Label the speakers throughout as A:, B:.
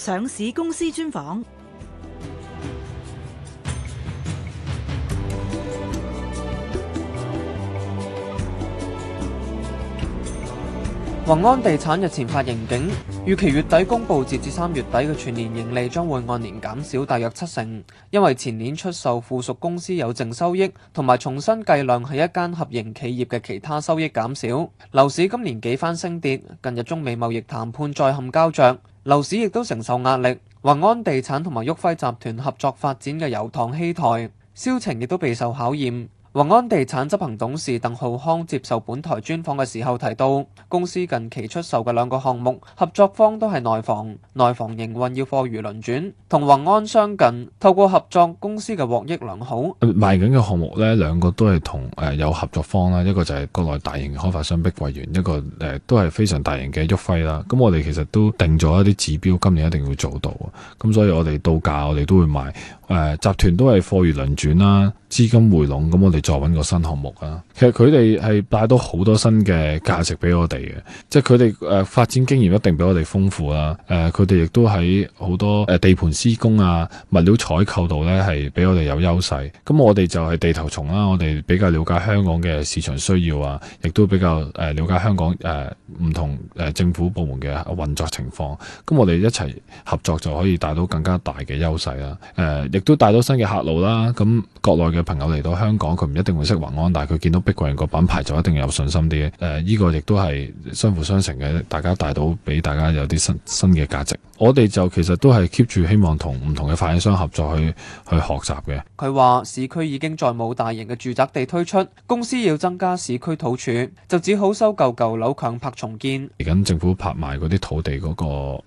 A: 上市公司專訪。宏安地產日前發盈警，預期月底公布截至三月底嘅全年盈利將會按年減少大約七成，因為前年出售附屬公司有淨收益，同埋重新計量係一間合營企業嘅其他收益減少。樓市今年幾番升跌，近日中美貿易談判再陷膠着。樓市亦都承受壓力，宏安地產同埋旭輝集團合作發展嘅油塘曦臺銷情亦都備受考驗。宏安地產執行董事鄧灝康接受本台專訪嘅時候提到，公司近期出售嘅兩個項目合作方都係內房，內房營運要貨如輪轉，同宏安相近。透過合作，公司嘅獲益良好。
B: 賣緊嘅項目呢兩個都係同誒、呃、有合作方啦，一個就係國內大型嘅開發商碧桂園，一個誒、呃、都係非常大型嘅旭輝啦。咁我哋其實都定咗一啲指標，今年一定要做到啊。咁所以我哋到價我哋都會賣。誒、呃、集團都係貨如輪轉啦，資金回籠，咁我哋再揾個新項目啊！其實佢哋係帶到好多新嘅價值俾我哋嘅，即係佢哋誒發展經驗一定比我哋豐富啦。誒佢哋亦都喺好多誒地盤施工啊、物料採購度呢係比我哋有優勢。咁我哋就係地頭蟲啦，我哋比較了解香港嘅市場需要啊，亦都比較誒瞭解香港誒唔、呃、同誒政府部門嘅運作情況。咁我哋一齊合作就可以帶到更加大嘅優勢啦。誒、呃。亦都帶到新嘅客路啦，咁國內嘅朋友嚟到香港，佢唔一定會識宏安，但係佢見到碧桂園個品牌就一定有信心啲嘅。誒、呃，依、呢個亦都係相輔相成嘅，大家帶到俾大家有啲新新嘅價值。我哋就其實都係 keep 住希望同唔同嘅發展商合作去去學習嘅。
A: 佢話市區已經再冇大型嘅住宅地推出，公司要增加市區土儲，就只好收舊舊樓強拍重建。
B: 而緊政府拍賣嗰啲土地嗰、嗰個誒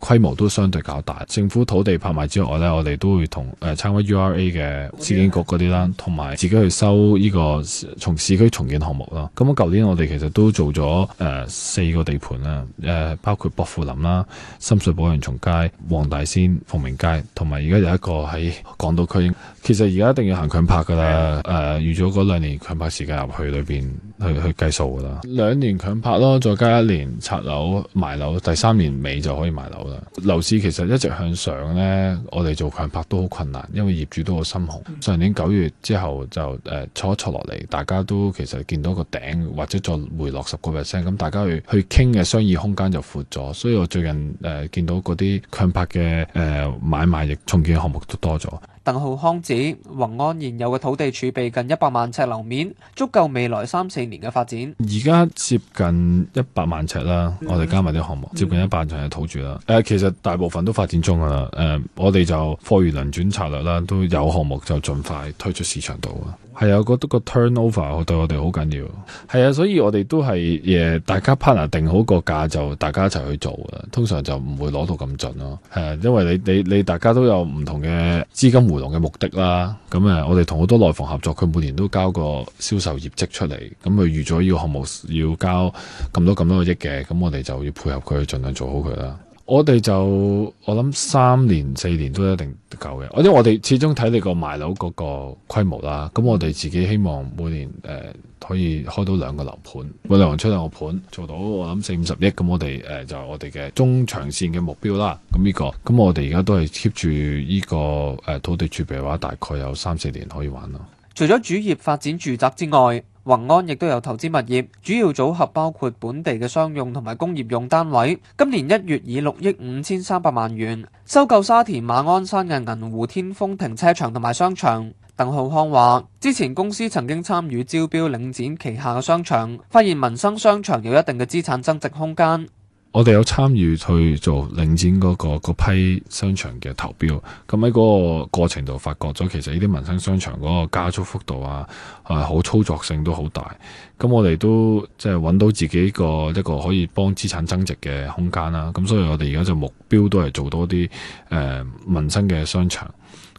B: 規、呃、模都相對較大，政府土地拍賣之外呢，我哋都會同。誒、呃、參加 URA 嘅市建局嗰啲啦，同埋自己去收呢個市從市區重建項目咯。咁我舊年我哋其實都做咗誒、呃、四個地盤啦，誒、呃、包括薄扶林啦、深水埗人松街、黃大仙鳳鳴街，同埋而家有一個喺港島區。其實而家一定要行強拍噶啦，誒、呃、預早嗰兩年強拍時間入去裏邊。去去計數噶啦，兩年強拍咯，再加一年拆樓賣樓，第三年尾就可以賣樓啦。樓市其實一直向上呢，我哋做強拍都好困難，因為業主都好心紅。嗯、上年九月之後就誒坐、呃、一坐落嚟，大家都其實見到個頂或者再回落十個 percent，咁大家去去傾嘅商議空間就闊咗，所以我最近誒、呃、見到嗰啲強拍嘅誒、呃、買賣重建項目都多咗。
A: 鄧灝康指宏安現有嘅土地儲備近一百萬尺樓面，足夠未來三四年嘅發展。
B: 而家接近一百萬尺啦，嗯、我哋加埋啲項目，嗯嗯、接近一百萬尺嘅土住啦。誒、呃，其實大部分都發展中噶啦。誒、呃，我哋就貨如輪轉策略啦，都有項目就盡快推出市場度啊。係啊，我覺得個 turnover 我對我哋好緊要。係啊，所以我哋都係誒，大家 partner 定好個價就大家一齊去做噶。通常就唔會攞到咁盡咯。誒，因為你你你大家都有唔同嘅資金回。活動嘅目的啦，咁誒，我哋同好多內房合作，佢每年都交個銷售業績出嚟，咁佢預咗要項目要交咁多咁多個億嘅，咁我哋就要配合佢，盡量做好佢啦。我哋就我諗三年四年都一定夠嘅，因為我哋始終睇你個賣樓嗰個規模啦。咁我哋自己希望每年誒、呃、可以開到兩個樓盤，每兩行出兩個盤，做到我諗四五十億咁，我哋誒、呃、就係、我哋嘅中長線嘅目標啦。咁呢、呢個，咁我哋而家都係 keep 住呢個誒土地儲備嘅話，大概有三四年可以玩咯。
A: 除咗主業發展住宅之外。宏安亦都有投資物業，主要組合包括本地嘅商用同埋工業用單位。今年一月以六億五千三百萬元收購沙田馬鞍山嘅銀湖天峰停車場同埋商場。鄧灝康話：之前公司曾經參與招標領展旗下嘅商場，發現民生商場有一定嘅資產增值空間。
B: 我哋有參與去做領展嗰、那個嗰批商場嘅投標，咁喺嗰個過程度發覺咗，其實呢啲民生商場嗰個加速幅度啊，誒、啊、好操作性都好大。咁我哋都即係揾到自己個一個可以幫資產增值嘅空間啦。咁所以我哋而家就目標都係做多啲誒、呃、民生嘅商場。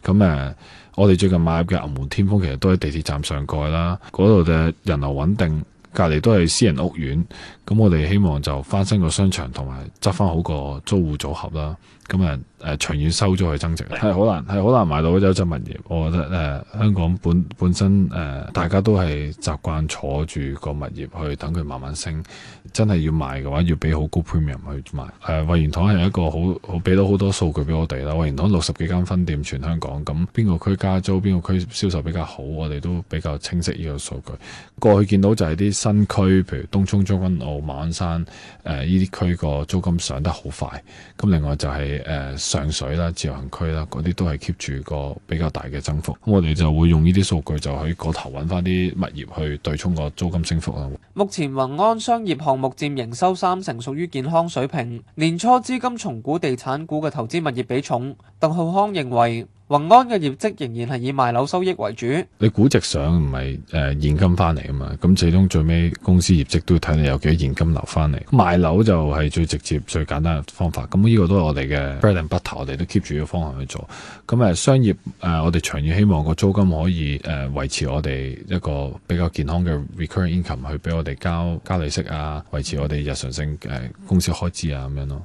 B: 咁誒，我哋最近買入嘅銀湖天峯其實都喺地鐵站上蓋啦，嗰度嘅人流穩定。隔離都係私人屋苑，咁我哋希望就翻新個商場，同埋執返好個租戶組合啦。咁啊，誒、呃、長遠收咗去增值，係好難，係好難買到優質物業。我覺得誒、呃、香港本本身誒、呃、大家都係習慣坐住個物業去等佢慢慢升，真係要賣嘅話，要俾好高 premium 去賣。誒、呃、位元堂係一個好好俾到好多數據俾我哋啦，位元堂六十幾間分店全香港，咁邊個區加租，邊個區銷售比較好，我哋都比較清晰呢個數據。過去見到就係啲新區，譬如東涌、將軍澳、馬鞍山誒呢啲區個租金上得好快。咁另外就係、是。誒，上水啦，自由行區啦，嗰啲都係 keep 住個比較大嘅增幅，我哋就會用呢啲數據，就喺個頭揾翻啲物業去對沖個租金升幅啦。
A: 目前宏安商業項目佔營收三成，屬於健康水平。年初資金重估地產股嘅投資物業比重，鄧灝康認為，宏安嘅業績仍然係以賣樓收益為主，
B: 你估值上唔係誒現金翻嚟啊嘛，咁最終最尾公司業績都要睇你有幾多現金流翻嚟，賣樓就係最直接、最簡單嘅方法。咁呢個都係我哋嘅 b r a n g b o t 我哋都 keep 住個方向去做。咁誒、呃、商業誒、呃，我哋長遠希望個租金可以誒、呃、維持我哋一個比較健康嘅 Recurring Income 去俾我哋交交利息啊，維持我哋日常性誒、呃、公司開支啊咁樣咯。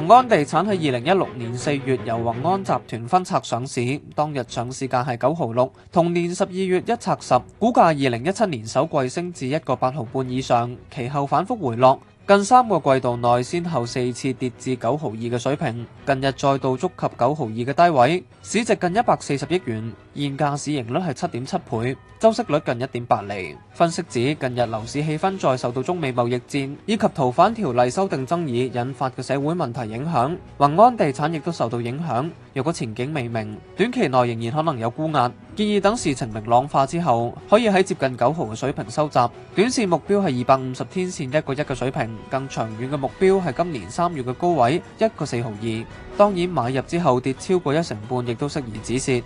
A: 宏安地產喺二零一六年四月由宏安集團分拆上市，當日上市價係九毫六，同年十二月一拆十，股價二零一七年首季升至一個八毫半以上，其後反覆回落，近三個季度內先後四次跌至九毫二嘅水平，近日再度觸及九毫二嘅低位，市值近一百四十億元。現價市盈率係七點七倍，周息率近一點八厘。分析指近日樓市氣氛再受到中美貿易戰以及逃犯條例修訂爭議引發嘅社會問題影響，宏安地產亦都受到影響，若果前景未明，短期內仍然可能有沽壓。建議等事情明朗化之後，可以喺接近九毫嘅水平收集。短線目標係二百五十天線一個一嘅水平，更長遠嘅目標係今年三月嘅高位一個四毫二。當然買入之後跌超過一成半，亦都適宜止蝕。